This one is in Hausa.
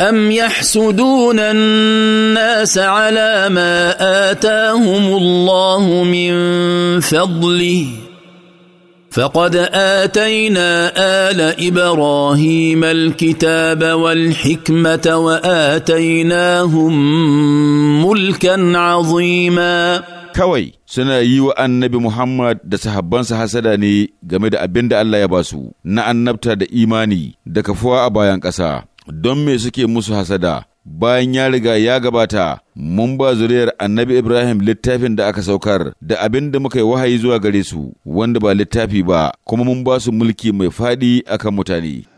أم يحسدون الناس على ما آتاهم الله من فضله فقد آتينا آل إبراهيم الكتاب والحكمة وآتيناهم ملكا عظيما كوي سنة يو النبي محمد دا سحبان سحسداني غمي دا الله يباسو نا النبتا دا إيماني دا كفوا أبايان كساه don me suke musu hasada bayan ya riga ya gabata mun ba zuriyar annabi Ibrahim littafin da aka saukar da abin da muka yi wahayi zuwa gare su wanda ba littafi ba kuma mun ba su mulki mai faɗi akan mutane.